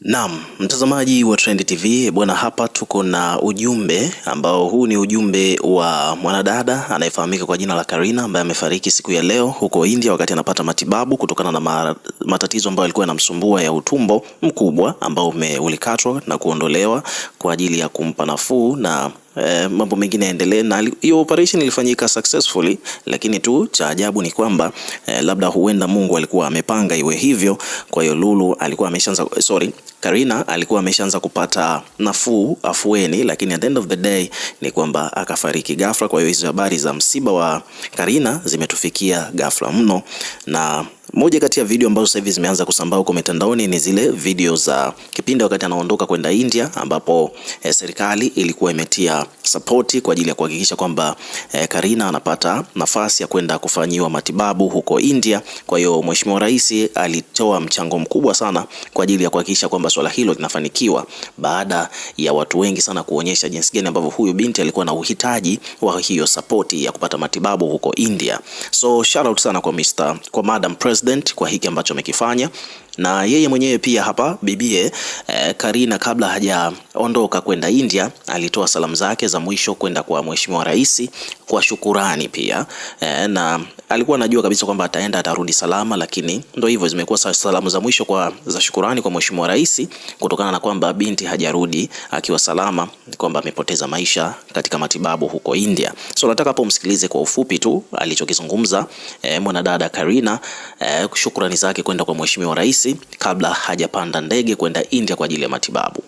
Naam, mtazamaji wa Trend TV bwana, hapa tuko na ujumbe ambao huu ni ujumbe wa mwanadada anayefahamika kwa jina la Karina ambaye amefariki siku ya leo huko India wakati anapata matibabu kutokana na matatizo ambayo yalikuwa yanamsumbua ya utumbo mkubwa ambao ulikatwa na kuondolewa kwa ajili ya kumpa nafuu na Eh, mambo mengine yaendelee, na hiyo operation ilifanyika successfully, lakini tu cha ajabu ni kwamba eh, labda huenda Mungu alikuwa amepanga iwe hivyo. Kwa hiyo Lulu alikuwa ameshaanza, sorry, Karina alikuwa ameshaanza kupata nafuu afueni, lakini at the end of the day ni kwamba akafariki ghafla. Kwa hiyo hizo habari za msiba wa Karina zimetufikia ghafla mno na moja kati ya video ambazo sasa hivi zimeanza kusambaa huko mitandaoni ni zile video za kipindi wakati anaondoka kwenda India, ambapo eh, serikali ilikuwa imetia sapoti kwa ajili ya kuhakikisha kwamba eh, Karina anapata nafasi ya kwenda kufanyiwa matibabu huko India. Kwa hiyo Mheshimiwa Rais alitoa mchango mkubwa sana kwa ajili ya kuhakikisha kwamba swala hilo linafanikiwa, baada ya watu wengi sana kuonyesha jinsi gani ambavyo huyu binti alikuwa na uhitaji wa hiyo sapoti ya kupata matibabu huko India. So shout out sana kwa Mr. kwa Madam President president kwa hiki ambacho amekifanya na yeye mwenyewe pia hapa bibie eh, Karina kabla hajaondoka kwenda India alitoa salamu zake za mwisho kwenda kwa Mheshimiwa Rais kwa shukurani pia eh, na alikuwa anajua kabisa kwamba ataenda atarudi salama, lakini ndio hivyo, zimekuwa salamu za mwisho kwa, za shukurani kwa Mheshimiwa Rais kutokana na kwamba binti hajarudi akiwa salama, kwamba amepoteza maisha katika matibabu huko India. So nataka hapo msikilize kwa ufupi tu alichokizungumza eh, mwanadada Karina eh, shukurani zake kwenda kwa Mheshimiwa Rais mwezi kabla hajapanda ndege kwenda India kwa ajili ya matibabu.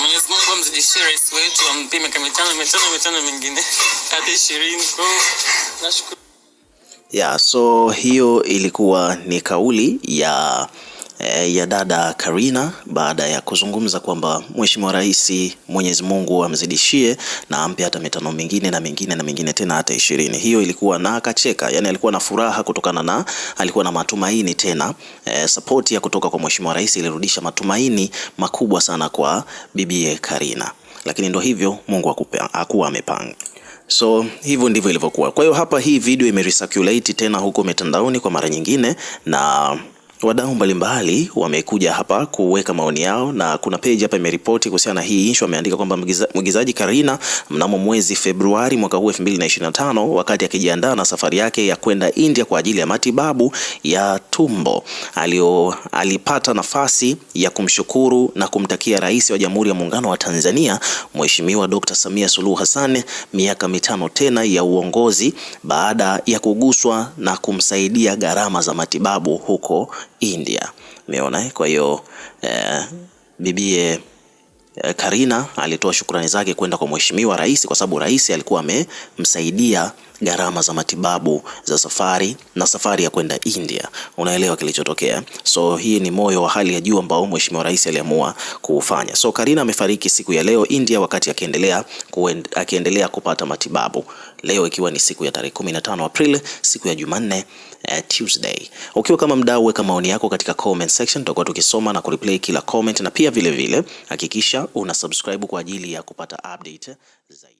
Mwenyezi Mungu amzidishie rais wetu, mitano mitano mitano mingine hadi Nashukuru ya yeah, so hiyo ilikuwa ni kauli ya Eh, ya dada Karina baada ya kuzungumza kwamba Mheshimiwa Rais Mwenyezi Mungu amzidishie na ampe hata mitano mingine na mingine na mingine tena hata ishirini. Hiyo ilikuwa na akacheka, yani alikuwa na furaha kutokana na alikuwa na matumaini tena e, support ya kutoka kwa Mheshimiwa Rais ilirudisha matumaini makubwa sana kwa bibie Karina, lakini ndo hivyo Mungu hakuwa amepanga. So hivyo ndivyo ilivyokuwa. Kwa hiyo hapa hii video imerecirculate tena huko mitandaoni kwa mara nyingine na wadau mbalimbali wamekuja hapa kuweka maoni yao, na kuna page hapa imeripoti kuhusiana na hii issue. Ameandika kwamba mwigizaji Karina mnamo mwezi Februari mwaka huu 2025 wakati akijiandaa na safari yake ya kwenda India kwa ajili ya matibabu ya tumbo alio, alipata nafasi ya kumshukuru na kumtakia Rais wa Jamhuri ya Muungano wa Tanzania Mheshimiwa Dr. Samia Suluhu Hassan miaka mitano tena ya uongozi baada ya kuguswa na kumsaidia gharama za matibabu huko India. Umeona, kwa hiyo eh, bibie eh, Karina alitoa shukrani zake kwenda kwa mheshimiwa rais, kwa sababu rais alikuwa amemsaidia gharama za matibabu za safari na safari ya kwenda India. Unaelewa kilichotokea. So hii ni moyo wa hali ya juu ambao Mheshimiwa Rais aliamua kuufanya. So Karina amefariki siku ya leo India wakati akiendelea akiendelea kupata matibabu. Leo ikiwa ni siku ya tarehe 15 April, siku ya Jumanne, uh, Tuesday. Ukiwa kama mdau, weka maoni yako katika comment section, tutakuwa tukisoma na kureplay kila comment, na pia vile vile hakikisha una subscribe kwa ajili ya kupata update zaidi.